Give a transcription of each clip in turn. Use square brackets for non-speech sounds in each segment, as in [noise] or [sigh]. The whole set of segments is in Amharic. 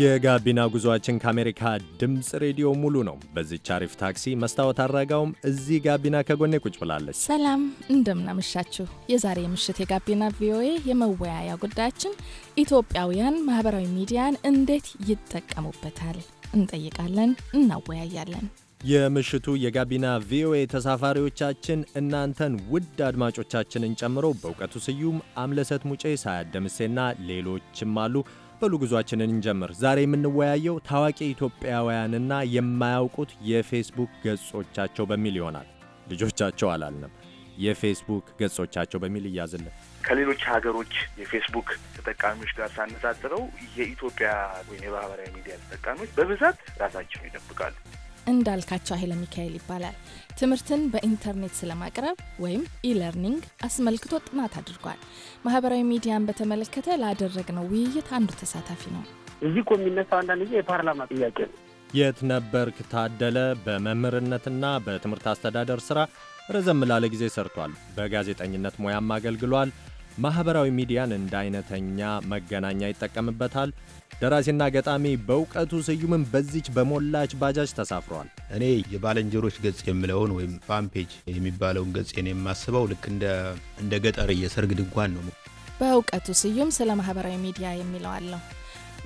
የጋቢና ጉዞአችን ከአሜሪካ ድምፅ ሬዲዮ ሙሉ ነው። በዚች አሪፍ ታክሲ መስታወት አድራጋውም እዚህ ጋቢና ከጎኔ ቁጭ ብላለች። ሰላም እንደምናመሻችሁ። የዛሬ ምሽት የጋቢና ቪኦኤ የመወያያ ጉዳያችን ኢትዮጵያውያን ማህበራዊ ሚዲያን እንዴት ይጠቀሙበታል እንጠይቃለን፣ እናወያያለን። የምሽቱ የጋቢና ቪኦኤ ተሳፋሪዎቻችን እናንተን ውድ አድማጮቻችንን ጨምሮ በእውቀቱ ስዩም፣ አምለሰት ሙጬ፣ ሳያደምሴና ሌሎችም አሉ። በሉ ጉዟችንን እንጀምር። ዛሬ የምንወያየው ታዋቂ ኢትዮጵያውያንና የማያውቁት የፌስቡክ ገጾቻቸው በሚል ይሆናል። ልጆቻቸው አላልንም፣ የፌስቡክ ገጾቻቸው በሚል እያዝልን ከሌሎች ሀገሮች የፌስቡክ ተጠቃሚዎች ጋር ሳነጻጽረው የኢትዮጵያ ወይም የማህበራዊ ሚዲያ ተጠቃሚዎች በብዛት ራሳቸውን ይደብቃሉ። እንዳልካቸው ኃይለ ሚካኤል ይባላል። ትምህርትን በኢንተርኔት ስለማቅረብ ወይም ኢለርኒንግ አስመልክቶ ጥናት አድርጓል። ማህበራዊ ሚዲያን በተመለከተ ላደረግነው ውይይት አንዱ ተሳታፊ ነው። እዚህ እኮ የሚነሳው አንዳንድ ጊዜ የፓርላማ ጥያቄ ነው። የት ነበርክ ታደለ በመምህርነትና በትምህርት አስተዳደር ስራ ረዘም ላለ ጊዜ ሰርቷል። በጋዜጠኝነት ሙያም አገልግሏል። ማኅበራዊ ሚዲያን እንደ አይነተኛ መገናኛ ይጠቀምበታል። ደራሲና ገጣሚ በእውቀቱ ስዩምን በዚች በሞላች ባጃጅ ተሳፍሯል። እኔ የባለንጀሮች ገጽ የምለውን ወይም ፋምፔጅ የሚባለውን ኔ የማስበው ልክ እንደ ገጠር የሰርግ ድንኳን ነው። በእውቀቱ ስዩም ስለ ማህበራዊ ሚዲያ የሚለው አለው።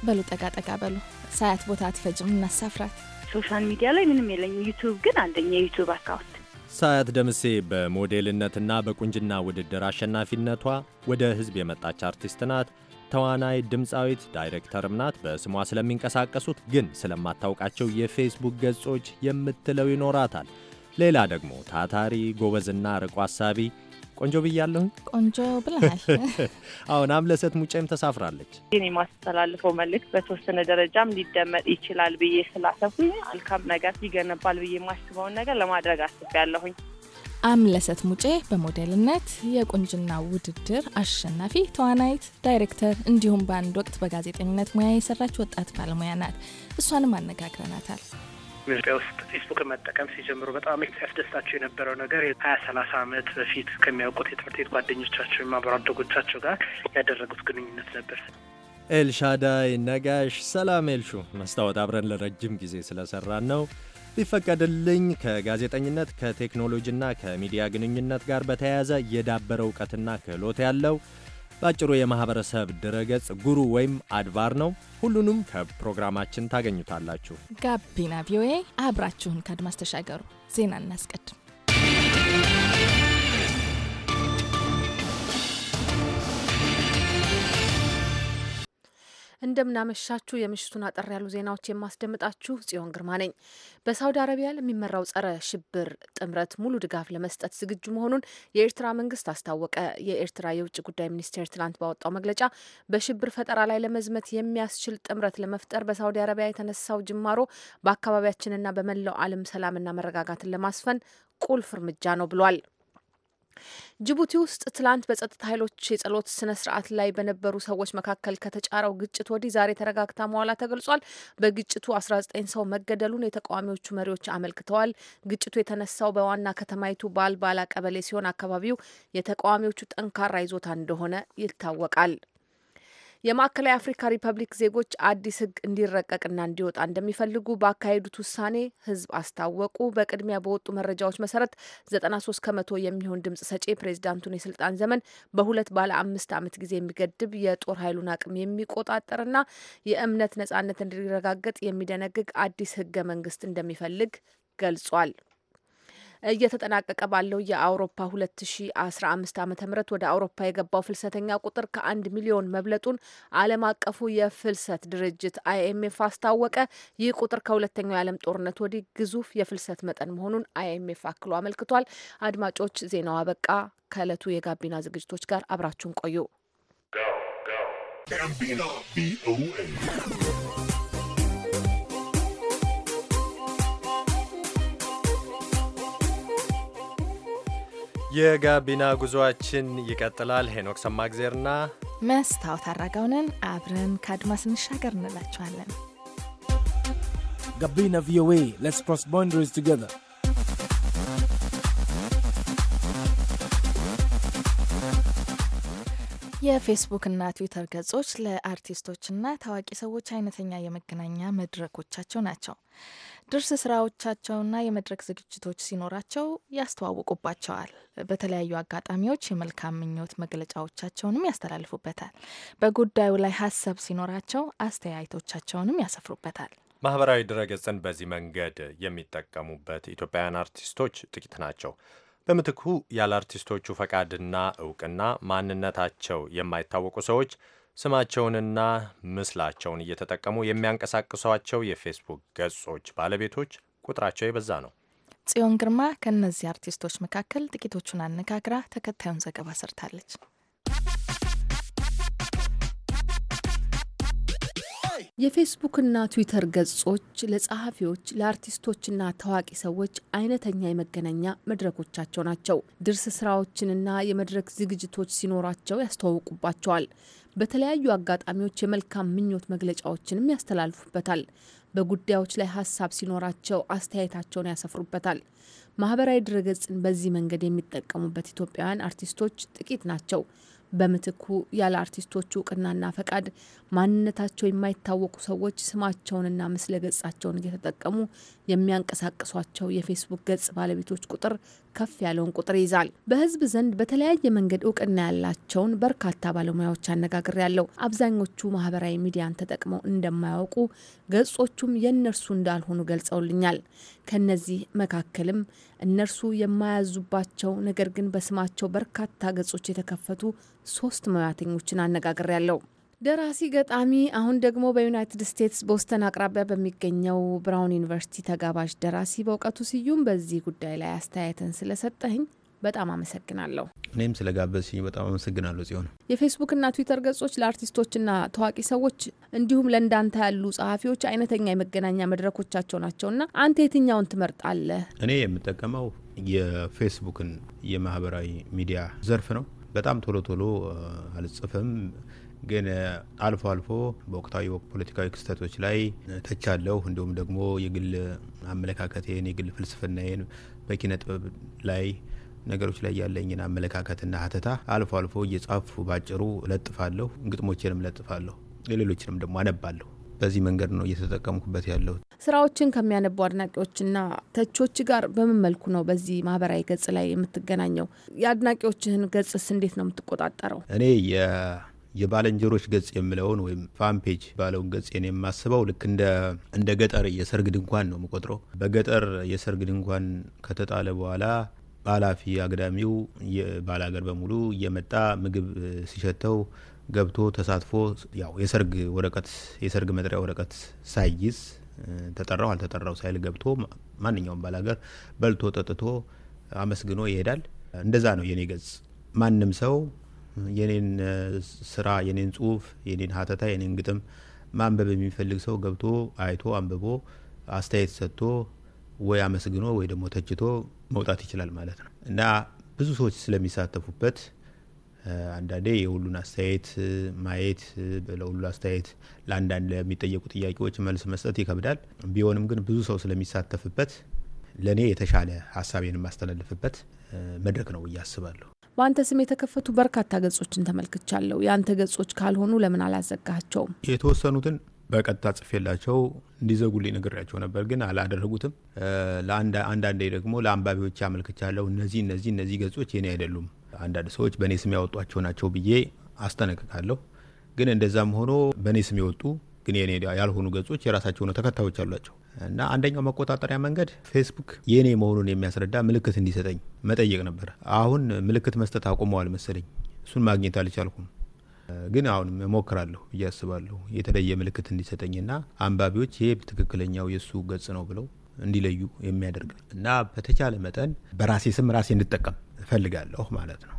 በሉ ጠጋ ጠጋ በሉ፣ ሳያት ቦታ አትፈጅም፣ እናሳፍራት። ሶሻል ሚዲያ ላይ ምንም የለኝ፣ ዩቱብ ግን አንደኛ የዩቱብ አካውንት ሳያት ደምሴ በሞዴልነትና በቁንጅና ውድድር አሸናፊነቷ ወደ ሕዝብ የመጣች አርቲስት ናት። ተዋናይ፣ ድምፃዊት፣ ዳይሬክተርም ናት። በስሟ ስለሚንቀሳቀሱት ግን ስለማታውቃቸው የፌስቡክ ገጾች የምትለው ይኖራታል። ሌላ ደግሞ ታታሪ፣ ጎበዝና ርቆ አሳቢ ቆንጆ ብያለሁኝ። ቆንጆ ብለሃል። [laughs] አሁን አምለሰት ሙጬም ተሳፍራለች። ይህን የማስተላልፈው መልእክት በተወሰነ ደረጃም ሊደመጥ ይችላል ብዬ ስላሰብኩኝ መልካም ነገር ይገነባል ብዬ የማስበውን ነገር ለማድረግ አስቤያለሁኝ። አምለሰት ሙጬ በሞዴልነት የቁንጅና ውድድር አሸናፊ ተዋናይት፣ ዳይሬክተር እንዲሁም በአንድ ወቅት በጋዜጠኝነት ሙያ የሰራች ወጣት ባለሙያ ናት። እሷንም አነጋግረናታል። ኢትዮጵያ ውስጥ ፌስቡክን መጠቀም ሲጀምሩ በጣም ያስደስታቸው የነበረው ነገር ሀያ ሰላሳ ዓመት በፊት ከሚያውቁት የትምህርት ቤት ጓደኞቻቸው የማብሮ አደጎቻቸው ጋር ያደረጉት ግንኙነት ነበር። ኤልሻዳይ ነጋሽ፣ ሰላም ኤልሹ። መስታወት አብረን ለረጅም ጊዜ ስለሰራን ነው ቢፈቀድልኝ ከጋዜጠኝነት ከቴክኖሎጂና ከሚዲያ ግንኙነት ጋር በተያያዘ የዳበረ እውቀትና ክህሎት ያለው በአጭሩ የማህበረሰብ ድረገጽ ጉሩ ወይም አድቫር ነው። ሁሉንም ከፕሮግራማችን ታገኙታላችሁ። ጋቢና ቪኦኤ አብራችሁን ከአድማስ ተሻገሩ። ዜና እናስቀድም። እንደምናመሻችሁ የምሽቱን አጠር ያሉ ዜናዎች የማስደምጣችሁ ጽዮን ግርማ ነኝ። በሳውዲ አረቢያ ለሚመራው ጸረ ሽብር ጥምረት ሙሉ ድጋፍ ለመስጠት ዝግጁ መሆኑን የኤርትራ መንግስት አስታወቀ። የኤርትራ የውጭ ጉዳይ ሚኒስቴር ትናንት ባወጣው መግለጫ በሽብር ፈጠራ ላይ ለመዝመት የሚያስችል ጥምረት ለመፍጠር በሳውዲ አረቢያ የተነሳው ጅማሮ በአካባቢያችንና በመላው ዓለም ሰላምና መረጋጋትን ለማስፈን ቁልፍ እርምጃ ነው ብሏል። ጅቡቲ ውስጥ ትላንት በጸጥታ ኃይሎች የጸሎት ስነ ስርዓት ላይ በነበሩ ሰዎች መካከል ከተጫረው ግጭት ወዲህ ዛሬ ተረጋግታ መዋላ ተገልጿል። በግጭቱ 19 ሰው መገደሉን የተቃዋሚዎቹ መሪዎች አመልክተዋል። ግጭቱ የተነሳው በዋና ከተማይቱ ባልባላ ቀበሌ ሲሆን አካባቢው የተቃዋሚዎቹ ጠንካራ ይዞታ እንደሆነ ይታወቃል። የማዕከላዊ አፍሪካ ሪፐብሊክ ዜጎች አዲስ ህግ እንዲረቀቅና እንዲወጣ እንደሚፈልጉ ባካሄዱት ውሳኔ ህዝብ አስታወቁ። በቅድሚያ በወጡ መረጃዎች መሰረት 93 ከመቶ የሚሆን ድምጽ ሰጪ ፕሬዚዳንቱን የስልጣን ዘመን በሁለት ባለ አምስት ዓመት ጊዜ የሚገድብ የጦር ኃይሉን አቅም የሚቆጣጠርና የእምነት ነጻነት እንዲረጋገጥ የሚደነግግ አዲስ ህገ መንግስት እንደሚፈልግ ገልጿል። እየተጠናቀቀ ባለው የአውሮፓ 2015 ዓ ም ወደ አውሮፓ የገባው ፍልሰተኛ ቁጥር ከአንድ ሚሊዮን መብለጡን ዓለም አቀፉ የፍልሰት ድርጅት አይኤምኤፍ አስታወቀ። ይህ ቁጥር ከሁለተኛው የዓለም ጦርነት ወዲህ ግዙፍ የፍልሰት መጠን መሆኑን አይኤምኤፍ አክሎ አመልክቷል። አድማጮች፣ ዜናው አበቃ። ከእለቱ የጋቢና ዝግጅቶች ጋር አብራችሁን ቆዩ። የጋቢና ጉዞአችን ይቀጥላል። ሄኖክ ሰማግዜርና መስታወት አራጋውንን አብረን ከአድማስ እንሻገር እንላችኋለን። ጋቢና ቪኦኤ ሌትስ ክሮስ ቦንደሪስ ቱጌዘር የፌስቡክና ትዊተር ገጾች ለአርቲስቶችና ታዋቂ ሰዎች አይነተኛ የመገናኛ መድረኮቻቸው ናቸው። ድርስ ስራዎቻቸውና የመድረክ ዝግጅቶች ሲኖራቸው ያስተዋውቁባቸዋል። በተለያዩ አጋጣሚዎች የመልካም ምኞት መግለጫዎቻቸውንም ያስተላልፉበታል። በጉዳዩ ላይ ሀሳብ ሲኖራቸው አስተያየቶቻቸውንም ያሰፍሩበታል። ማህበራዊ ድረገጽን በዚህ መንገድ የሚጠቀሙበት ኢትዮጵያውያን አርቲስቶች ጥቂት ናቸው። በምትኩ ያለ አርቲስቶቹ ፈቃድና እውቅና ማንነታቸው የማይታወቁ ሰዎች ስማቸውንና ምስላቸውን እየተጠቀሙ የሚያንቀሳቅሷቸው የፌስቡክ ገጾች ባለቤቶች ቁጥራቸው የበዛ ነው። ጽዮን ግርማ ከእነዚህ አርቲስቶች መካከል ጥቂቶቹን አነጋግራ ተከታዩን ዘገባ ሰርታለች። የፌስቡክና ትዊተር ገጾች ለጸሐፊዎች፣ ለአርቲስቶችና ታዋቂ ሰዎች አይነተኛ የመገናኛ መድረኮቻቸው ናቸው። ድርስ ስራዎችንና የመድረክ ዝግጅቶች ሲኖራቸው ያስተዋውቁባቸዋል። በተለያዩ አጋጣሚዎች የመልካም ምኞት መግለጫዎችንም ያስተላልፉበታል። በጉዳዮች ላይ ሀሳብ ሲኖራቸው አስተያየታቸውን ያሰፍሩበታል። ማህበራዊ ድረገጽን በዚህ መንገድ የሚጠቀሙበት ኢትዮጵያውያን አርቲስቶች ጥቂት ናቸው። በምትኩ ያለ አርቲስቶቹ እውቅናና ፈቃድ ማንነታቸው የማይታወቁ ሰዎች ስማቸውንና ምስለ ገጻቸውን እየተጠቀሙ የሚያንቀሳቅሷቸው የፌስቡክ ገጽ ባለቤቶች ቁጥር ከፍ ያለውን ቁጥር ይዛል። በህዝብ ዘንድ በተለያየ መንገድ እውቅና ያላቸውን በርካታ ባለሙያዎች አነጋግር ያለው አብዛኞቹ ማህበራዊ ሚዲያን ተጠቅመው እንደማያውቁ ገጾቹም የእነርሱ እንዳልሆኑ ገልጸውልኛል። ከነዚህ መካከልም እነርሱ የማያዙባቸው ነገር ግን በስማቸው በርካታ ገጾች የተከፈቱ ሶስት ሙያተኞችን አነጋግሬ ያለው ደራሲ ገጣሚ፣ አሁን ደግሞ በዩናይትድ ስቴትስ ቦስተን አቅራቢያ በሚገኘው ብራውን ዩኒቨርሲቲ ተጋባዥ ደራሲ በእውቀቱ ስዩም በዚህ ጉዳይ ላይ አስተያየትን ስለሰጠህኝ በጣም አመሰግናለሁ። እኔም ጋበዝሽኝ በጣም አመሰግናለሁ ጽዮን። የፌስቡክና ትዊተር ገጾች ለአርቲስቶችና ታዋቂ ሰዎች እንዲሁም ለእንዳንተ ያሉ ጸሐፊዎች አይነተኛ የመገናኛ መድረኮቻቸው ናቸውና አንተ የትኛውን ትመርጣለህ? እኔ የምጠቀመው የፌስቡክን የማህበራዊ ሚዲያ ዘርፍ ነው። በጣም ቶሎ ቶሎ አልጽፍም ግን አልፎ አልፎ በወቅታዊ ፖለቲካዊ ክስተቶች ላይ ተቻለሁ። እንዲሁም ደግሞ የግል አመለካከቴን የግል ፍልስፍናዬን በኪነ ጥበብ ላይ ነገሮች ላይ ያለኝን አመለካከትና ሀተታ አልፎ አልፎ እየጻፉ ባጭሩ እለጥፋለሁ፣ ግጥሞችንም እለጥፋለሁ፣ ሌሎችንም ደግሞ አነባለሁ። በዚህ መንገድ ነው እየተጠቀምኩበት ያለው። ስራዎችን ከሚያነቡ አድናቂዎችና ተቾች ጋር በምን መልኩ ነው በዚህ ማህበራዊ ገጽ ላይ የምትገናኘው? የአድናቂዎችህን ገጽስ እንዴት ነው የምትቆጣጠረው? እኔ የባለንጀሮች ገጽ የምለውን ወይም ፋንፔጅ ባለውን ገጽን የማስበው ልክ እንደ ገጠር የሰርግ ድንኳን ነው የምቆጥረው። በገጠር የሰርግ ድንኳን ከተጣለ በኋላ ኃላፊ አግዳሚው ባላገር በሙሉ እየመጣ ምግብ ሲሸተው ገብቶ ተሳትፎ ያው የሰርግ ወረቀት የሰርግ መጥሪያ ወረቀት ሳይይዝ ተጠራው አልተጠራው ሳይል ገብቶ ማንኛውም ባላገር በልቶ ጠጥቶ አመስግኖ ይሄዳል። እንደዛ ነው የኔ ገጽ። ማንም ሰው የኔን ስራ፣ የኔን ጽሁፍ፣ የኔን ሀተታ፣ የኔን ግጥም ማንበብ የሚፈልግ ሰው ገብቶ አይቶ አንብቦ አስተያየት ሰጥቶ ወይ አመስግኖ ወይ ደግሞ ተችቶ መውጣት ይችላል ማለት ነው እና ብዙ ሰዎች ስለሚሳተፉበት አንዳንዴ የሁሉን አስተያየት ማየት ለሁሉ አስተያየት ለአንዳንድ ለሚጠየቁ ጥያቄዎች መልስ መስጠት ይከብዳል። ቢሆንም ግን ብዙ ሰው ስለሚሳተፍበት ለእኔ የተሻለ ሀሳቤን የማስተላልፍበት መድረክ ነው ብዬ በአንተ ስም የተከፈቱ በርካታ ገጾችን ተመልክቻለሁ። የአንተ ገጾች ካልሆኑ ለምን አላዘጋቸውም? የተወሰኑትን በቀጥታ ጽፌላቸው እንዲዘጉልኝ ነግሬያቸው ነበር፣ ግን አላደረጉትም። አንዳንዴ ደግሞ ለአንባቢዎች አመልክቻለሁ። እነዚህ እነዚህ እነዚህ ገጾች የኔ አይደሉም፣ አንዳንድ ሰዎች በእኔ ስም ያወጧቸው ናቸው ብዬ አስጠነቅቃለሁ። ግን እንደዛም ሆኖ በእኔ ስም የወጡ ግን የኔ ያልሆኑ ገጾች የራሳቸው ነው ተከታዮች አሏቸው እና አንደኛው መቆጣጠሪያ መንገድ ፌስቡክ የኔ መሆኑን የሚያስረዳ ምልክት እንዲሰጠኝ መጠየቅ ነበር። አሁን ምልክት መስጠት አቁመዋል መሰለኝ። እሱን ማግኘት አልቻልኩም። ግን አሁን እሞክራለሁ ብዬ አስባለሁ የተለየ ምልክት እንዲሰጠኝና አንባቢዎች ይሄ ትክክለኛው የእሱ ገጽ ነው ብለው እንዲለዩ የሚያደርግ እና በተቻለ መጠን በራሴ ስም ራሴ እንድጠቀም እፈልጋለሁ ማለት ነው።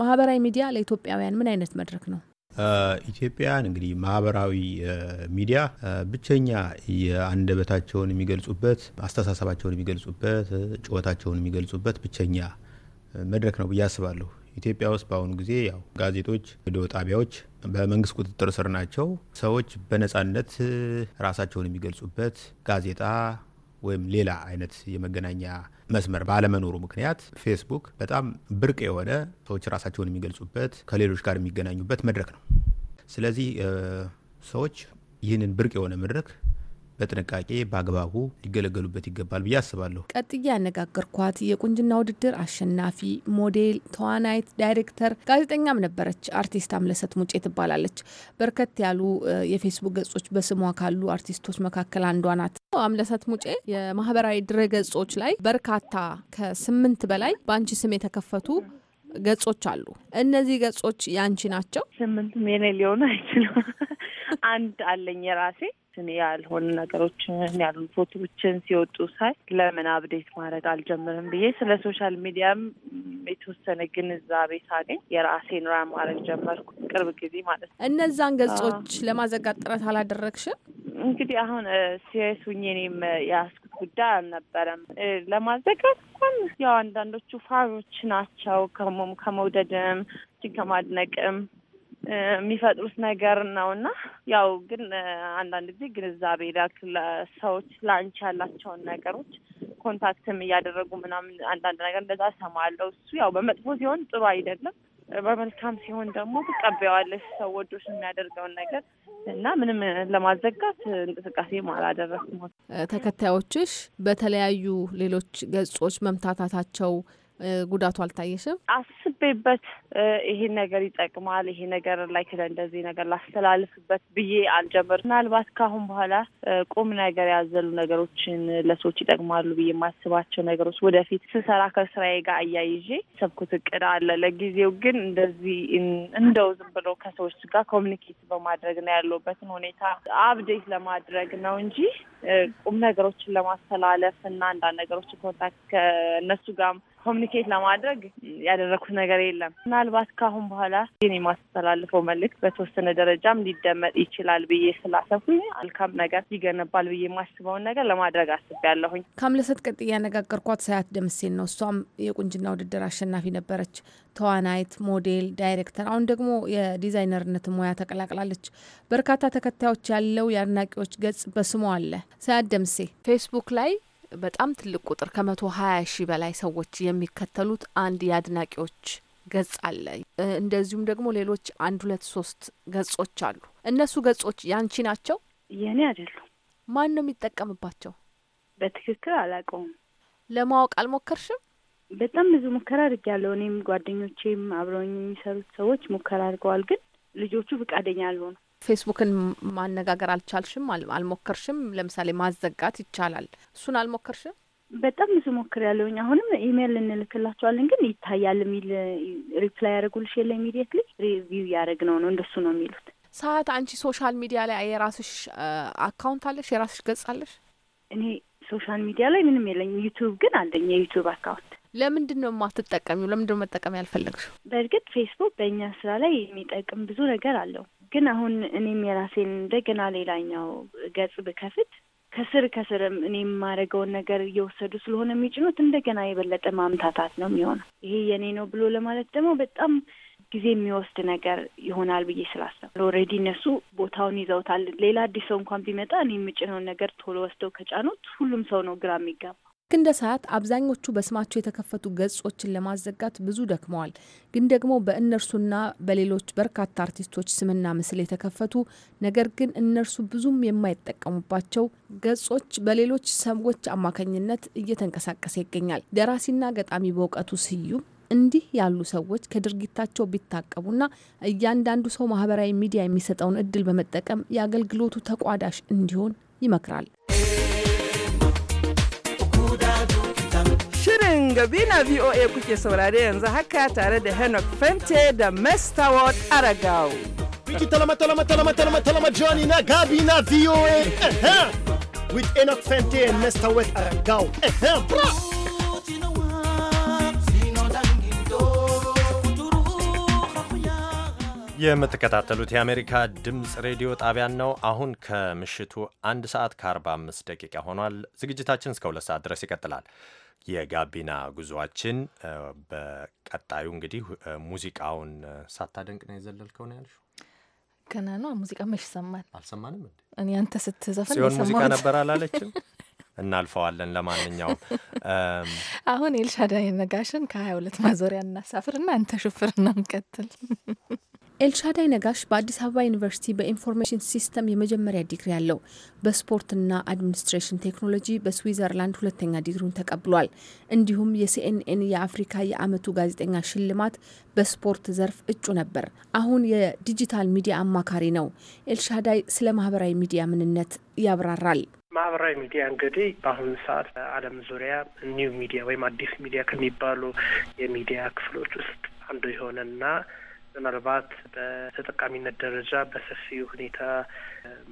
ማህበራዊ ሚዲያ ለኢትዮጵያውያን ምን አይነት መድረክ ነው? ኢትዮጵያውያን እንግዲህ ማህበራዊ ሚዲያ ብቸኛ የአንደበታቸውን የሚገልጹበት፣ አስተሳሰባቸውን የሚገልጹበት፣ ጩኸታቸውን የሚገልጹበት ብቸኛ መድረክ ነው ብዬ አስባለሁ። ኢትዮጵያ ውስጥ በአሁኑ ጊዜ ያው ጋዜጦች፣ ሬዲዮ ጣቢያዎች በመንግስት ቁጥጥር ስር ናቸው። ሰዎች በነጻነት ራሳቸውን የሚገልጹበት ጋዜጣ ወይም ሌላ አይነት የመገናኛ መስመር ባለመኖሩ ምክንያት ፌስቡክ በጣም ብርቅ የሆነ ሰዎች ራሳቸውን የሚገልጹበት ከሌሎች ጋር የሚገናኙበት መድረክ ነው። ስለዚህ ሰዎች ይህንን ብርቅ የሆነ መድረክ በጥንቃቄ በአግባቡ ሊገለገሉበት ይገባል ብዬ አስባለሁ። ቀጥዬ ያነጋገርኳት የቁንጅና ውድድር አሸናፊ ሞዴል፣ ተዋናይት፣ ዳይሬክተር፣ ጋዜጠኛም ነበረች። አርቲስት አምለሰት ሙጬ ትባላለች። በርከት ያሉ የፌስቡክ ገጾች በስሟ ካሉ አርቲስቶች መካከል አንዷ ናት። አምለሰት ሙጬ የማህበራዊ ድረ ገጾች ላይ በርካታ ከስምንት በላይ በአንቺ ስም የተከፈቱ ገጾች አሉ። እነዚህ ገጾች ያንቺ ናቸው? ስምንት ሜኔ ሊሆኑ አይችሉም። [laughs] አንድ አለኝ የራሴ ራሳችን ያልሆኑ ነገሮችን ያሉ ፎቶዎችን ሲወጡ ሳይ ለምን አብዴት ማድረግ አልጀምርም ብዬ ስለ ሶሻል ሚዲያም የተወሰነ ግንዛቤ ሳገኝ የራሴን ራ ማድረግ ጀመርኩ። ቅርብ ጊዜ ማለት ነው። እነዛን ገጾች ለማዘጋት ጥረት አላደረግሽም? እንግዲህ አሁን ሲሪየስ ሁኜ እኔም የያዝኩት ጉዳይ አልነበረም። ለማዘጋት እንኳን ያው አንዳንዶቹ ፋሮች ናቸው ከሞም ከመውደድም ከማድነቅም የሚፈጥሩት ነገር ነው እና ያው ግን አንዳንድ ጊዜ ግንዛቤ ሰዎች ለአንቺ ያላቸውን ነገሮች ኮንታክትም እያደረጉ ምናምን አንዳንድ ነገር እንደዛ ሰማለው። እሱ ያው በመጥፎ ሲሆን ጥሩ አይደለም፣ በመልካም ሲሆን ደግሞ ትቀበያዋለሽ ሰው ወዶች የሚያደርገውን ነገር እና ምንም ለማዘጋት እንቅስቃሴ አላደረግኩም። ተከታዮችሽ በተለያዩ ሌሎች ገጾች መምታታታቸው ጉዳቱ አልታየሽም? አስቤበት ይሄን ነገር ይጠቅማል፣ ይሄ ነገር ላይ ክለ እንደዚህ ነገር ላስተላልፍበት ብዬ አልጀምር። ምናልባት ከአሁን በኋላ ቁም ነገር ያዘሉ ነገሮችን ለሰዎች ይጠቅማሉ ብዬ የማስባቸው ነገሮች ወደፊት ስሰራ ከስራዬ ጋር አያይዤ ሰብኩት እቅድ አለ። ለጊዜው ግን እንደዚህ እንደው ዝም ብሎ ከሰዎች ጋር ኮሚኒኬት በማድረግ ነው ያለሁበትን ሁኔታ አብዴት ለማድረግ ነው እንጂ ቁም ነገሮችን ለማስተላለፍ እና አንዳንድ ነገሮችን ኮንታክት ከእነሱ ጋር ኮሚኒኬት ለማድረግ ያደረግኩት ነገር የለም። ምናልባት ከአሁን በኋላ ግን የማስተላልፈው መልእክት በተወሰነ ደረጃም ሊደመጥ ይችላል ብዬ ስላሰብኩኝ አልካም ነገር ይገነባል ብዬ የማስበውን ነገር ለማድረግ አስቤያለሁኝ። ካምለሰት ቀጥዬ ያነጋገርኳት ሳያት ደምሴን ነው። እሷም የቁንጅና ውድድር አሸናፊ ነበረች። ተዋናይት፣ ሞዴል፣ ዳይሬክተር አሁን ደግሞ የዲዛይነርነት ሙያ ተቀላቅላለች። በርካታ ተከታዮች ያለው የአድናቂዎች ገጽ በስሙ አለ። ሳያት ደምሴ ፌስቡክ ላይ በጣም ትልቅ ቁጥር ከመቶ ሀያ ሺህ በላይ ሰዎች የሚከተሉት አንድ የአድናቂዎች ገጽ አለ። እንደዚሁም ደግሞ ሌሎች አንድ ሁለት ሶስት ገጾች አሉ። እነሱ ገጾች ያንቺ ናቸው? የእኔ አይደሉም። ማን ነው የሚጠቀምባቸው? በትክክል አላውቀውም። ለማወቅ አልሞከርሽም? በጣም ብዙ ሙከራ አድርጊያለሁ። እኔም ጓደኞቼም አብረውኝ የሚሰሩት ሰዎች ሙከራ አድርገዋል፣ ግን ልጆቹ ፍቃደኛ አልሆኑ ፌስቡክን ማነጋገር አልቻልሽም፣ አልሞከርሽም? ለምሳሌ ማዘጋት ይቻላል። እሱን አልሞከርሽም? በጣም ብዙ ሞክር ያለውኝ አሁንም ኢሜይል እንልክላቸዋለን፣ ግን ይታያል የሚል ሪፕላይ ያደረጉልሽ የለ ኢሚዲየትሊ ሪቪው ያደረግ ነው ነው እንደሱ ነው የሚሉት። ሰዓት አንቺ ሶሻል ሚዲያ ላይ የራስሽ አካውንት አለሽ? የራስሽ ገጽ አለሽ? እኔ ሶሻል ሚዲያ ላይ ምንም የለኝ ዩቱብ ግን አለኝ የዩቱብ አካውንት። ለምንድን ነው የማትጠቀሚው? ለምንድን ነው መጠቀም ያልፈለግሽው? በእርግጥ ፌስቡክ በእኛ ስራ ላይ የሚጠቅም ብዙ ነገር አለው ግን አሁን እኔም የራሴን እንደገና ሌላኛው ገጽ ብከፍት ከስር ከስር እኔ የማደርገውን ነገር እየወሰዱ ስለሆነ የሚጭኑት እንደገና የበለጠ ማምታታት ነው የሚሆነው። ይሄ የእኔ ነው ብሎ ለማለት ደግሞ በጣም ጊዜ የሚወስድ ነገር ይሆናል ብዬ ስላሰብ ኦልሬዲ እነሱ ቦታውን ይዘውታል። ሌላ አዲስ ሰው እንኳን ቢመጣ እኔ የምጭነውን ነገር ቶሎ ወስደው ከጫኑት ሁሉም ሰው ነው ግራ የሚጋባ። እንደ ሰዓት አብዛኞቹ በስማቸው የተከፈቱ ገጾችን ለማዘጋት ብዙ ደክመዋል። ግን ደግሞ በእነርሱና በሌሎች በርካታ አርቲስቶች ስምና ምስል የተከፈቱ ነገር ግን እነርሱ ብዙም የማይጠቀሙባቸው ገጾች በሌሎች ሰዎች አማካኝነት እየተንቀሳቀሰ ይገኛል። ደራሲና ገጣሚ በእውቀቱ ስዩም እንዲህ ያሉ ሰዎች ከድርጊታቸው ቢታቀቡና እያንዳንዱ ሰው ማህበራዊ ሚዲያ የሚሰጠውን እድል በመጠቀም የአገልግሎቱ ተቋዳሽ እንዲሆን ይመክራል። Shirin Gabina VOA kuke saurare yanzu haka tare da Henok Fente da Mestaward Aragao. Wiki talama talama talama talama talama Johnny na Gabina VOA. With Henok Fente and Mestaward Aragao. የምትከታተሉት የአሜሪካ ድምፅ ሬዲዮ ጣቢያን ነው። አሁን ከምሽቱ አንድ ሰዓት ከ45 ደቂቃ ሆኗል። ዝግጅታችን እስከ ሁለት ሰዓት ድረስ ይቀጥላል። የጋቢና ጉዟችን በቀጣዩ እንግዲህ ሙዚቃውን ሳታደንቅ ነው የዘለልከው ነው ያልሽው። ገና ነው ሙዚቃ መሽ ይሰማል። አልሰማንም እንዴ? እኔ አንተ ስትዘፈን ሲሆን ሙዚቃ ነበር አላለችም። እናልፈዋለን። ለማንኛውም [laughs] አሁን ኤልሻዳይ ነጋሽን ከሀያ ሁለት ማዞሪያ እናሳፍርና አንተ ሹፍርና እንቀጥል። [laughs] ኤልሻዳይ ነጋሽ በአዲስ አበባ ዩኒቨርሲቲ በኢንፎርሜሽን ሲስተም የመጀመሪያ ዲግሪ አለው። በስፖርትና አድሚኒስትሬሽን ቴክኖሎጂ በስዊዘርላንድ ሁለተኛ ዲግሪውን ተቀብሏል። እንዲሁም የሲኤንኤን የአፍሪካ የአመቱ ጋዜጠኛ ሽልማት በስፖርት ዘርፍ እጩ ነበር። አሁን የዲጂታል ሚዲያ አማካሪ ነው። ኤልሻዳይ ስለ ማህበራዊ ሚዲያ ምንነት ያብራራል። ማህበራዊ ሚዲያ እንግዲህ በአሁኑ ሰዓት ዓለም ዙሪያ ኒው ሚዲያ ወይም አዲስ ሚዲያ ከሚባሉ የሚዲያ ክፍሎች ውስጥ አንዱ የሆነና ምናልባት በተጠቃሚነት ደረጃ በሰፊ ሁኔታ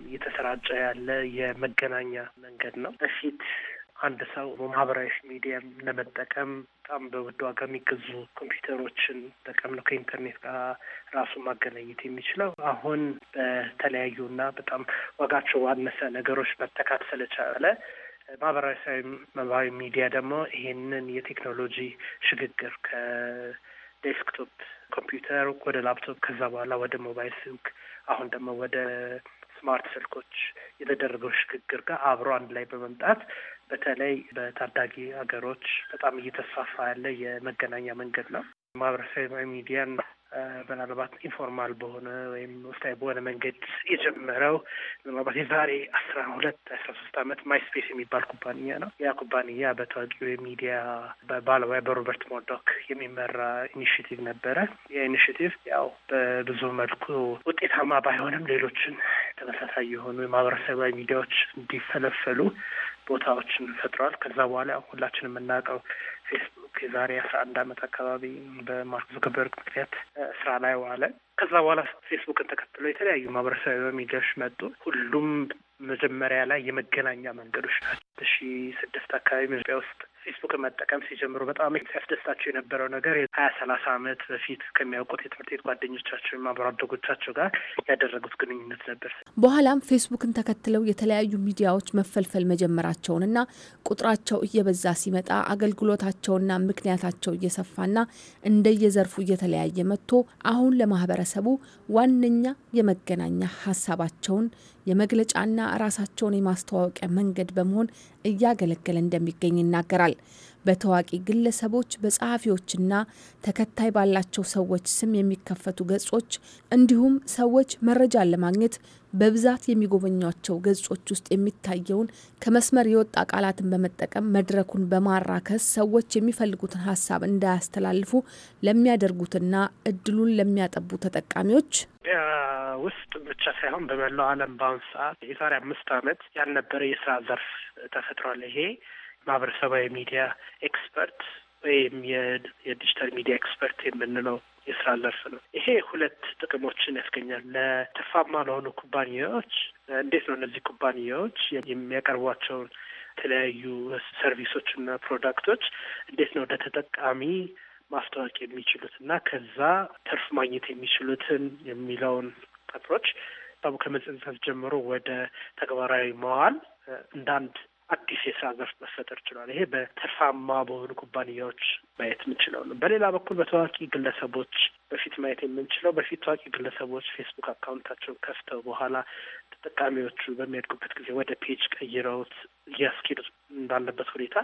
እየተሰራጨ ያለ የመገናኛ መንገድ ነው። በፊት አንድ ሰው ማህበራዊ ሚዲያ ለመጠቀም በጣም በውድ ዋጋ የሚገዙ ኮምፒውተሮችን ጠቀም ነው ከኢንተርኔት ጋር ራሱን ማገናኘት የሚችለው። አሁን በተለያዩና በጣም ዋጋቸው አነሰ ነገሮች መተካት ስለቻለ ማህበራዊ ማህበራዊ ሚዲያ ደግሞ ይሄንን የቴክኖሎጂ ሽግግር ከ ዴስክቶፕ ኮምፒውተር ወደ ላፕቶፕ፣ ከዛ በኋላ ወደ ሞባይል ስልክ፣ አሁን ደግሞ ወደ ስማርት ስልኮች የተደረገው ሽግግር ጋር አብሮ አንድ ላይ በመምጣት በተለይ በታዳጊ ሀገሮች በጣም እየተስፋፋ ያለ የመገናኛ መንገድ ነው። ማህበረሰባዊ ሚዲያን ምናልባት ኢንፎርማል በሆነ ወይም ውስጣዊ በሆነ መንገድ የጀመረው ምናልባት የዛሬ አስራ ሁለት አስራ ሶስት አመት ማይስፔስ የሚባል ኩባንያ ነው። ያ ኩባንያ በታዋቂው የሚዲያ ባለሙያ በሮበርት ሞዶክ የሚመራ ኢኒሽቲቭ ነበረ። ያ ኢኒሽቲቭ ያው በብዙ መልኩ ውጤታማ ባይሆንም ሌሎችን ተመሳሳይ የሆኑ የማህበረሰባዊ ሚዲያዎች እንዲፈለፈሉ ቦታዎችን ፈጥረዋል። ከዛ በኋላ ሁላችን የምናውቀው ፌስቡክ የዛሬ አስራ አንድ አመት አካባቢ በማርክ ዙከርበርግ ምክንያት ስራ ላይ ዋለ። ከዛ በኋላ ፌስቡክን ተከትሎ የተለያዩ ማህበረሰባዊ ሚዲያዎች መጡ። ሁሉም መጀመሪያ ላይ የመገናኛ መንገዶች ናቸው። ሺ ስድስት አካባቢ ኢትዮጵያ ውስጥ ፌስቡክን መጠቀም ሲጀምሩ በጣም ሲያስደስታቸው የነበረው ነገር ሀያ ሰላሳ ዓመት በፊት ከሚያውቁት የትምህርት ቤት ጓደኞቻቸው የማህበራ አደጎቻቸው ጋር ያደረጉት ግንኙነት ነበር። በኋላም ፌስቡክን ተከትለው የተለያዩ ሚዲያዎች መፈልፈል መጀመራቸውንና ቁጥራቸው እየበዛ ሲመጣ አገልግሎታቸውና ምክንያታቸው እየሰፋና እንደየዘርፉ እየተለያየ መጥቶ አሁን ለማህበረሰቡ ዋነኛ የመገናኛ ሀሳባቸውን የመግለጫና ራሳቸውን የማስተዋወቂያ መንገድ በመሆን እያገለገለ እንደሚገኝ ይናገራል። በታዋቂ ግለሰቦች በጸሐፊዎችና ተከታይ ባላቸው ሰዎች ስም የሚከፈቱ ገጾች እንዲሁም ሰዎች መረጃን ለማግኘት በብዛት የሚጎበኟቸው ገጾች ውስጥ የሚታየውን ከመስመር የወጣ ቃላትን በመጠቀም መድረኩን በማራከስ ሰዎች የሚፈልጉትን ሀሳብ እንዳያስተላልፉ ለሚያደርጉትና እድሉን ለሚያጠቡ ተጠቃሚዎች ውስጥ ብቻ ሳይሆን በመላው ዓለም በአሁኑ ሰዓት የዛሬ አምስት ዓመት ያልነበረ የስራ ዘርፍ ተፈጥሯል። ይሄ ማህበረሰባዊ ሚዲያ ኤክስፐርት ወይም የዲጂታል ሚዲያ ኤክስፐርት የምንለው የስራ ዘርፍ ነው። ይሄ ሁለት ጥቅሞችን ያስገኛል። ለትርፋማ ለሆኑ ኩባንያዎች እንዴት ነው እነዚህ ኩባንያዎች የሚያቀርቧቸውን የተለያዩ ሰርቪሶች እና ፕሮዳክቶች እንዴት ነው ለተጠቃሚ ተጠቃሚ ማስታወቅ የሚችሉት እና ከዛ ትርፍ ማግኘት የሚችሉትን የሚለውን ቀጥሮች ከመጽንሰት ጀምሮ ወደ ተግባራዊ መዋል እንዳንድ አዲስ የስራ ዘርፍ መፈጠር ችሏል። ይሄ በትርፋማ በሆኑ ኩባንያዎች ማየት የምንችለው ነው። በሌላ በኩል በታዋቂ ግለሰቦች በፊት ማየት የምንችለው በፊት ታዋቂ ግለሰቦች ፌስቡክ አካውንታቸውን ከፍተው በኋላ ተጠቃሚዎቹ በሚያድጉበት ጊዜ ወደ ፔጅ ቀይረውት እያስኬድ ባለበት ሁኔታ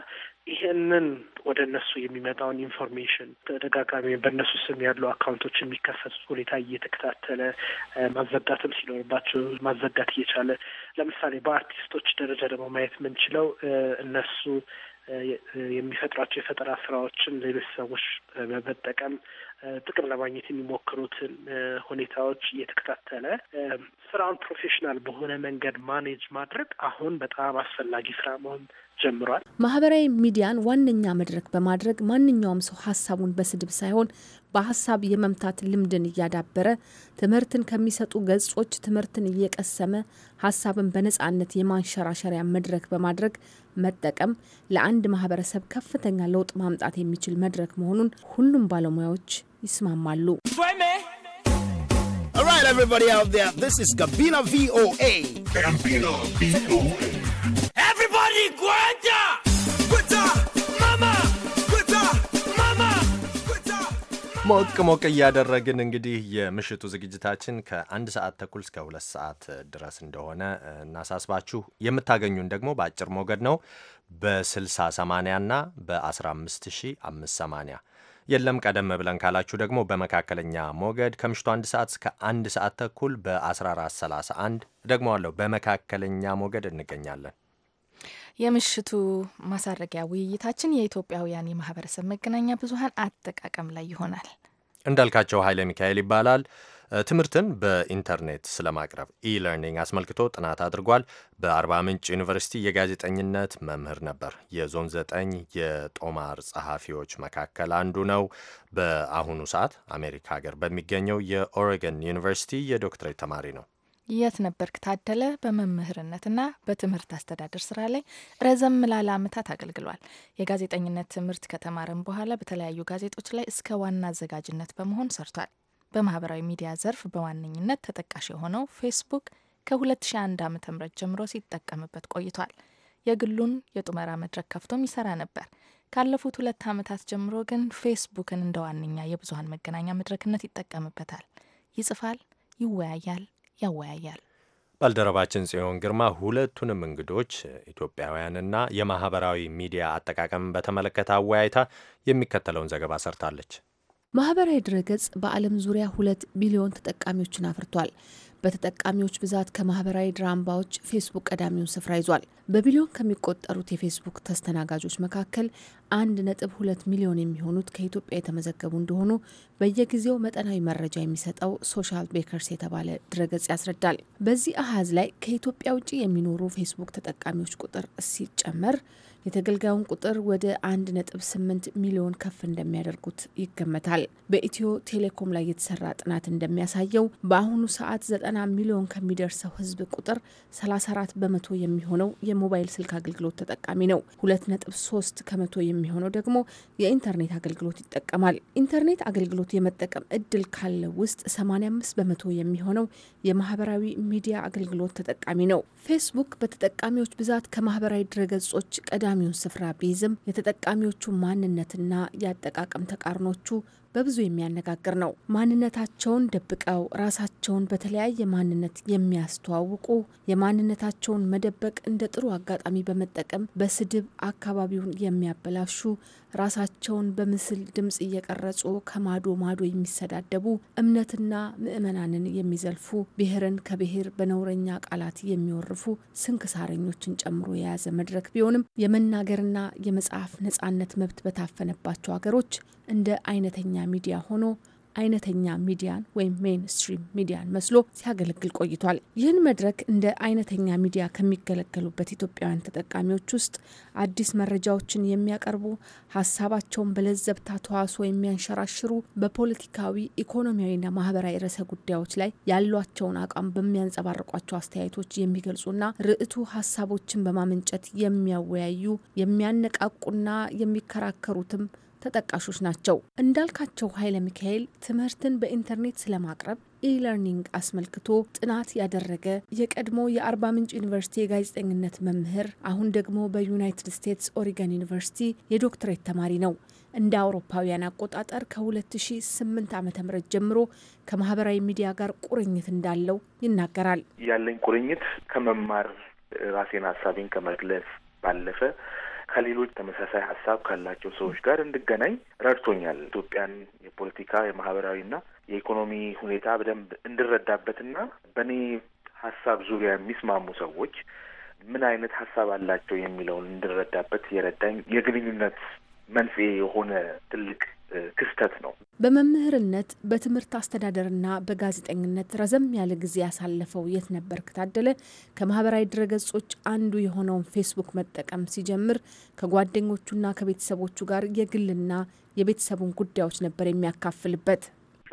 ይህንን ወደ እነሱ የሚመጣውን ኢንፎርሜሽን ተደጋጋሚ በእነሱ ስም ያሉ አካውንቶች የሚከፈቱት ሁኔታ እየተከታተለ ማዘጋትም ሲኖርባቸው ማዘጋት እየቻለ ለምሳሌ በአርቲስቶች ደረጃ ደግሞ ማየት የምንችለው እነሱ የሚፈጥሯቸው የፈጠራ ስራዎችን ሌሎች ሰዎች በመጠቀም ጥቅም ለማግኘት የሚሞክሩትን ሁኔታዎች እየተከታተለ ስራውን ፕሮፌሽናል በሆነ መንገድ ማኔጅ ማድረግ አሁን በጣም አስፈላጊ ስራ መሆን ጀምሯል። ማህበራዊ ሚዲያን ዋነኛ መድረክ በማድረግ ማንኛውም ሰው ሀሳቡን በስድብ ሳይሆን በሀሳብ የመምታት ልምድን እያዳበረ ትምህርትን ከሚሰጡ ገጾች ትምህርትን እየቀሰመ ሀሳብን በነጻነት የማንሸራሸሪያ መድረክ በማድረግ መጠቀም ለአንድ ማህበረሰብ ከፍተኛ ለውጥ ማምጣት የሚችል መድረክ መሆኑን ሁሉም ባለሙያዎች ይስማማሉ። ሞቅ ሞቅ እያደረግን እንግዲህ የምሽቱ ዝግጅታችን ከአንድ ሰዓት ተኩል እስከ ሁለት ሰዓት ድረስ እንደሆነ እናሳስባችሁ። የምታገኙን ደግሞ በአጭር ሞገድ ነው በ6080 እና በ15580 የለም ቀደም ብለን ካላችሁ ደግሞ በመካከለኛ ሞገድ ከምሽቱ አንድ ሰዓት እስከ አንድ ሰዓት ተኩል በ1431 ደግሞ አለው በመካከለኛ ሞገድ እንገኛለን። የምሽቱ ማሳረጊያ ውይይታችን የኢትዮጵያውያን የማህበረሰብ መገናኛ ብዙኃን አጠቃቀም ላይ ይሆናል። እንዳልካቸው ኃይለ ሚካኤል ይባላል። ትምህርትን በኢንተርኔት ስለማቅረብ ኢለርኒንግ አስመልክቶ ጥናት አድርጓል። በአርባ ምንጭ ዩኒቨርሲቲ የጋዜጠኝነት መምህር ነበር። የዞን ዘጠኝ የጦማር ጸሐፊዎች መካከል አንዱ ነው። በአሁኑ ሰዓት አሜሪካ ሀገር በሚገኘው የኦሬገን ዩኒቨርሲቲ የዶክትሬት ተማሪ ነው። የት ነበርክ ታደለ? በመምህርነትና በትምህርት አስተዳደር ስራ ላይ ረዘም ላለ ዓመታት አገልግሏል። የጋዜጠኝነት ትምህርት ከተማረም በኋላ በተለያዩ ጋዜጦች ላይ እስከ ዋና አዘጋጅነት በመሆን ሰርቷል። በማህበራዊ ሚዲያ ዘርፍ በዋነኝነት ተጠቃሽ የሆነው ፌስቡክ ከ2001 ዓ ም ጀምሮ ሲጠቀምበት ቆይቷል። የግሉን የጡመራ መድረክ ከፍቶም ይሰራ ነበር። ካለፉት ሁለት ዓመታት ጀምሮ ግን ፌስቡክን እንደ ዋነኛ የብዙሀን መገናኛ መድረክነት ይጠቀምበታል። ይጽፋል፣ ይወያያል፣ ያወያያል። ባልደረባችን ጽዮን ግርማ ሁለቱንም እንግዶች ኢትዮጵያውያንና የማህበራዊ ሚዲያ አጠቃቀምን በተመለከተ አወያይታ የሚከተለውን ዘገባ ሰርታለች። ማህበራዊ ድረገጽ በዓለም ዙሪያ ሁለት ቢሊዮን ተጠቃሚዎችን አፍርቷል። በተጠቃሚዎች ብዛት ከማህበራዊ ድራምባዎች ፌስቡክ ቀዳሚውን ስፍራ ይዟል። በቢሊዮን ከሚቆጠሩት የፌስቡክ ተስተናጋጆች መካከል አንድ ነጥብ ሁለት ሚሊዮን የሚሆኑት ከኢትዮጵያ የተመዘገቡ እንደሆኑ በየጊዜው መጠናዊ መረጃ የሚሰጠው ሶሻል ቤከርስ የተባለ ድረገጽ ያስረዳል። በዚህ አሀዝ ላይ ከኢትዮጵያ ውጭ የሚኖሩ ፌስቡክ ተጠቃሚዎች ቁጥር ሲጨመር የተገልጋዩን ቁጥር ወደ 1.8 ሚሊዮን ከፍ እንደሚያደርጉት ይገመታል። በኢትዮ ቴሌኮም ላይ የተሰራ ጥናት እንደሚያሳየው በአሁኑ ሰዓት 90 ሚሊዮን ከሚደርሰው ሕዝብ ቁጥር 34 በመቶ የሚሆነው የሞባይል ስልክ አገልግሎት ተጠቃሚ ነው። 2.3 ከመቶ የሚሆነው ደግሞ የኢንተርኔት አገልግሎት ይጠቀማል። ኢንተርኔት አገልግሎት የመጠቀም እድል ካለው ውስጥ 85 በመቶ የሚሆነው የማህበራዊ ሚዲያ አገልግሎት ተጠቃሚ ነው። ፌስቡክ በተጠቃሚዎች ብዛት ከማህበራዊ ድረገጾች ቀዳ ቀዳሚውን ስፍራ ቢይዝም የተጠቃሚዎቹ ማንነትና የአጠቃቀም ተቃርኖቹ በብዙ የሚያነጋግር ነው። ማንነታቸውን ደብቀው ራሳቸውን በተለያየ ማንነት የሚያስተዋውቁ የማንነታቸውን መደበቅ እንደ ጥሩ አጋጣሚ በመጠቀም በስድብ አካባቢውን የሚያበላሹ ራሳቸውን በምስል ድምፅ እየቀረጹ ከማዶ ማዶ የሚሰዳደቡ እምነትና ምዕመናንን የሚዘልፉ ብሔርን ከብሔር በነውረኛ ቃላት የሚወርፉ ስንክሳረኞችን ጨምሮ የያዘ መድረክ ቢሆንም የመናገርና የመጽሐፍ ነጻነት መብት በታፈነባቸው ሀገሮች እንደ አይነተኛ ሚዲያ ሆኖ አይነተኛ ሚዲያን ወይም ሜንስትሪም ሚዲያን መስሎ ሲያገለግል ቆይቷል። ይህን መድረክ እንደ አይነተኛ ሚዲያ ከሚገለገሉበት ኢትዮጵያውያን ተጠቃሚዎች ውስጥ አዲስ መረጃዎችን የሚያቀርቡ፣ ሀሳባቸውን በለዘብታ ተዋሶ የሚያንሸራሽሩ፣ በፖለቲካዊ ኢኮኖሚያዊና ማህበራዊ ርዕሰ ጉዳዮች ላይ ያሏቸውን አቋም በሚያንጸባርቋቸው አስተያየቶች የሚገልጹና ርዕቱ ሀሳቦችን በማመንጨት የሚያወያዩ የሚያነቃቁና የሚከራከሩትም ተጠቃሾች ናቸው። እንዳልካቸው ኃይለ ሚካኤል ትምህርትን በኢንተርኔት ስለማቅረብ ኢለርኒንግ አስመልክቶ ጥናት ያደረገ የቀድሞ የአርባ ምንጭ ዩኒቨርሲቲ የጋዜጠኝነት መምህር አሁን ደግሞ በዩናይትድ ስቴትስ ኦሪገን ዩኒቨርሲቲ የዶክትሬት ተማሪ ነው። እንደ አውሮፓውያን አቆጣጠር ከ2008 ዓ.ም ጀምሮ ከማህበራዊ ሚዲያ ጋር ቁርኝት እንዳለው ይናገራል። ያለኝ ቁርኝት ከመማር ራሴን ሀሳቤን ከመግለጽ ባለፈ ከሌሎች ተመሳሳይ ሀሳብ ካላቸው ሰዎች ጋር እንድገናኝ ረድቶኛል። ኢትዮጵያን የፖለቲካ የማህበራዊና የኢኮኖሚ ሁኔታ በደንብ እንድረዳበትና በእኔ ሀሳብ ዙሪያ የሚስማሙ ሰዎች ምን አይነት ሀሳብ አላቸው የሚለውን እንድረዳበት የረዳኝ የግንኙነት መንስኤ የሆነ ትልቅ ክስተት ነው። በመምህርነት በትምህርት አስተዳደርና በጋዜጠኝነት ረዘም ያለ ጊዜ ያሳለፈው የት ነበር ክታደለ ከማህበራዊ ድረገጾች አንዱ የሆነውን ፌስቡክ መጠቀም ሲጀምር ከጓደኞቹና ከቤተሰቦቹ ጋር የግልና የቤተሰቡን ጉዳዮች ነበር የሚያካፍልበት።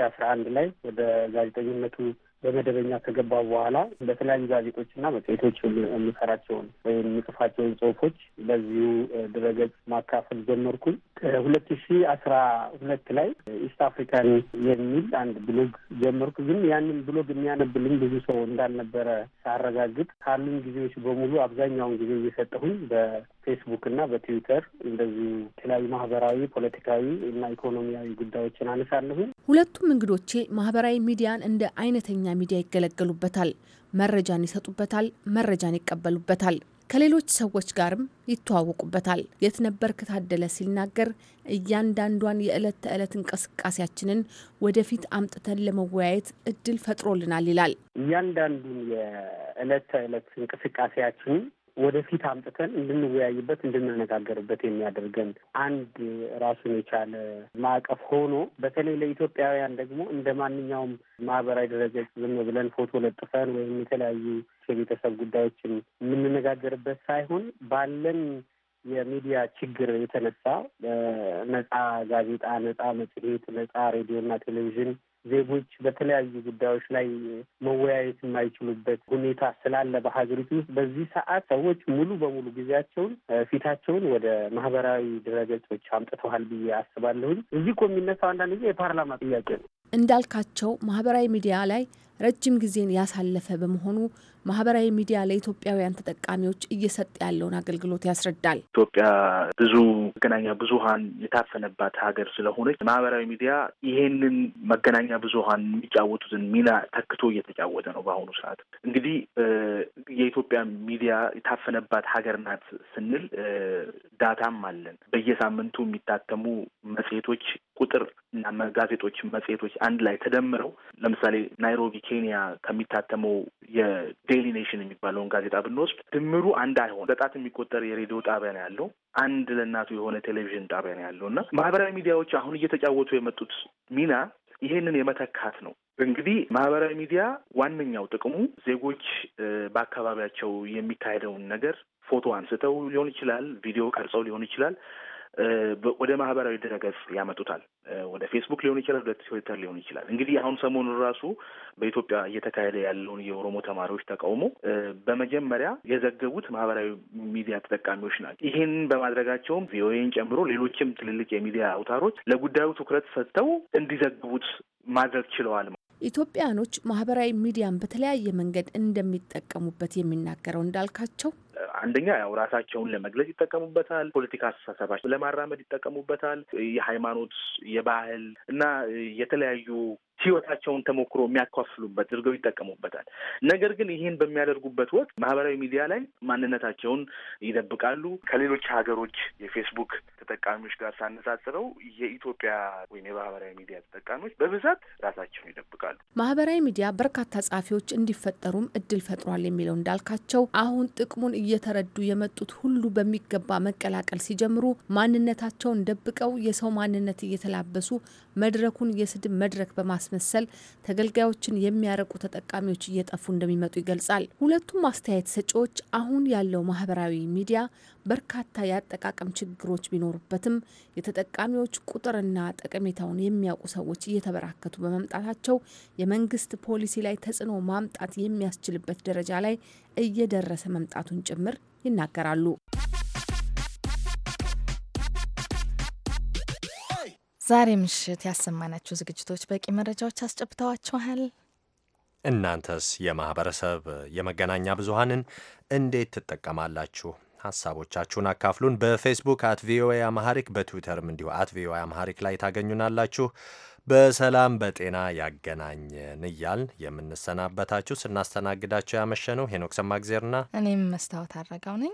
አስራ አንድ ላይ ወደ ጋዜጠኝነቱ በመደበኛ ከገባ በኋላ በተለያዩ ጋዜጦችና መጽሔቶች የምሰራቸውን ወይም የምጽፋቸውን ጽሁፎች በዚሁ ድረገጽ ማካፈል ጀመርኩኝ። ከሁለት ሺ አስራ ሁለት ላይ ኢስት አፍሪካን የሚል አንድ ብሎግ ጀመርኩ። ግን ያንን ብሎግ የሚያነብልኝ ብዙ ሰው እንዳልነበረ ሳረጋግጥ ካሉኝ ጊዜዎች በሙሉ አብዛኛውን ጊዜ እየሰጠሁኝ በ በፌስቡክ እና በትዊተር እንደዚሁ የተለያዩ ማህበራዊ፣ ፖለቲካዊ እና ኢኮኖሚያዊ ጉዳዮችን አነሳለሁኝ። ሁለቱም እንግዶቼ ማህበራዊ ሚዲያን እንደ አይነተኛ ሚዲያ ይገለገሉበታል። መረጃን ይሰጡበታል፣ መረጃን ይቀበሉበታል፣ ከሌሎች ሰዎች ጋርም ይተዋወቁበታል። የት ነበርክ ታደለ ሲናገር እያንዳንዷን የዕለት ተዕለት እንቅስቃሴያችንን ወደፊት አምጥተን ለመወያየት እድል ፈጥሮልናል ይላል። እያንዳንዱን የዕለት ተዕለት እንቅስቃሴያችንን ወደፊት አምጥተን እንድንወያይበት እንድንነጋገርበት የሚያደርገን አንድ ራሱን የቻለ ማዕቀፍ ሆኖ በተለይ ለኢትዮጵያውያን ደግሞ እንደ ማንኛውም ማህበራዊ ድረገጽ ዝም ብለን ፎቶ ለጥፈን ወይም የተለያዩ የቤተሰብ ጉዳዮችን የምንነጋገርበት ሳይሆን ባለን የሚዲያ ችግር የተነሳ ነጻ ጋዜጣ፣ ነጻ መጽሔት፣ ነጻ ሬዲዮና ቴሌቪዥን ዜጎች በተለያዩ ጉዳዮች ላይ መወያየት የማይችሉበት ሁኔታ ስላለ በሀገሪቱ ውስጥ በዚህ ሰዓት ሰዎች ሙሉ በሙሉ ጊዜያቸውን ፊታቸውን ወደ ማህበራዊ ድረገጾች አምጥተዋል ብዬ አስባለሁኝ። እዚህ እኮ የሚነሳው አንዳንድ ጊዜ የፓርላማ ጥያቄ ነው እንዳልካቸው ማህበራዊ ሚዲያ ላይ ረጅም ጊዜን ያሳለፈ በመሆኑ ማህበራዊ ሚዲያ ለኢትዮጵያውያን ተጠቃሚዎች እየሰጠ ያለውን አገልግሎት ያስረዳል። ኢትዮጵያ ብዙ መገናኛ ብዙሀን የታፈነባት ሀገር ስለሆነች ማህበራዊ ሚዲያ ይሄንን መገናኛ ብዙሀን የሚጫወቱትን ሚና ተክቶ እየተጫወተ ነው። በአሁኑ ሰዓት እንግዲህ የኢትዮጵያ ሚዲያ የታፈነባት ሀገር ናት ስንል ዳታም አለን። በየሳምንቱ የሚታተሙ መጽሔቶች ቁጥር እና ጋዜጦች፣ መጽሔቶች አንድ ላይ ተደምረው ለምሳሌ ናይሮቢ ኬንያ ከሚታተመው የዴይሊ ኔሽን የሚባለውን ጋዜጣ ብንወስድ ድምሩ አንድ አይሆን በጣት የሚቆጠር የሬዲዮ ጣቢያ ነው ያለው። አንድ ለእናቱ የሆነ ቴሌቪዥን ጣቢያ ነው ያለው እና ማህበራዊ ሚዲያዎች አሁን እየተጫወቱ የመጡት ሚና ይሄንን የመተካት ነው። እንግዲህ ማህበራዊ ሚዲያ ዋነኛው ጥቅሙ ዜጎች በአካባቢያቸው የሚካሄደውን ነገር ፎቶ አንስተው ሊሆን ይችላል፣ ቪዲዮ ቀርጸው ሊሆን ይችላል ወደ ማህበራዊ ድረገጽ ያመጡታል። ወደ ፌስቡክ ሊሆን ይችላል፣ ወደ ትዊተር ሊሆን ይችላል። እንግዲህ አሁን ሰሞኑን ራሱ በኢትዮጵያ እየተካሄደ ያለውን የኦሮሞ ተማሪዎች ተቃውሞ በመጀመሪያ የዘገቡት ማህበራዊ ሚዲያ ተጠቃሚዎች ናቸው። ይህን በማድረጋቸውም ቪኦኤን ጨምሮ ሌሎችም ትልልቅ የሚዲያ አውታሮች ለጉዳዩ ትኩረት ሰጥተው እንዲዘግቡት ማድረግ ችለዋል። ኢትዮጵያኖች ማህበራዊ ሚዲያን በተለያየ መንገድ እንደሚጠቀሙበት የሚናገረው እንዳልካቸው አንደኛ ያው ራሳቸውን ለመግለጽ ይጠቀሙበታል። ፖለቲካ አስተሳሰባቸው ለማራመድ ይጠቀሙበታል። የሃይማኖት፣ የባህል እና የተለያዩ ህይወታቸውን ተሞክሮ የሚያካፍሉበት አድርገው ይጠቀሙበታል። ነገር ግን ይህን በሚያደርጉበት ወቅት ማህበራዊ ሚዲያ ላይ ማንነታቸውን ይደብቃሉ። ከሌሎች ሀገሮች የፌስቡክ ተጠቃሚዎች ጋር ሳነጻጽረው የኢትዮጵያ ወይም የማህበራዊ ሚዲያ ተጠቃሚዎች በብዛት ራሳቸውን ይደብቃሉ። ማህበራዊ ሚዲያ በርካታ ጸሐፊዎች እንዲፈጠሩም እድል ፈጥሯል የሚለው እንዳልካቸው አሁን ጥቅሙን እየተረዱ የመጡት ሁሉ በሚገባ መቀላቀል ሲጀምሩ ማንነታቸውን ደብቀው የሰው ማንነት እየተላበሱ መድረኩን የስድብ መድረክ በማስመሰል ተገልጋዮችን የሚያረቁ ተጠቃሚዎች እየጠፉ እንደሚመጡ ይገልጻል። ሁለቱም አስተያየት ሰጪዎች አሁን ያለው ማህበራዊ ሚዲያ በርካታ የአጠቃቀም ችግሮች ቢኖሩበትም የተጠቃሚዎች ቁጥርና ጠቀሜታውን የሚያውቁ ሰዎች እየተበራከቱ በመምጣታቸው የመንግስት ፖሊሲ ላይ ተጽዕኖ ማምጣት የሚያስችልበት ደረጃ ላይ እየደረሰ መምጣቱን ጭምር ይናገራሉ። ዛሬ ምሽት ያሰማናችሁ ዝግጅቶች በቂ መረጃዎች አስጨብተዋችኋል። እናንተስ የማህበረሰብ የመገናኛ ብዙሃንን እንዴት ትጠቀማላችሁ? ሀሳቦቻችሁን አካፍሉን። በፌስቡክ አት ቪኦኤ አማሐሪክ በትዊተርም እንዲሁ አት ቪኦኤ አማሐሪክ ላይ ታገኙናላችሁ። በሰላም በጤና ያገናኘን እያል የምንሰናበታችሁ ስናስተናግዳችሁ ያመሸ ነው ሄኖክ ሰማግዜርና እኔም መስታወት አረጋው ነኝ።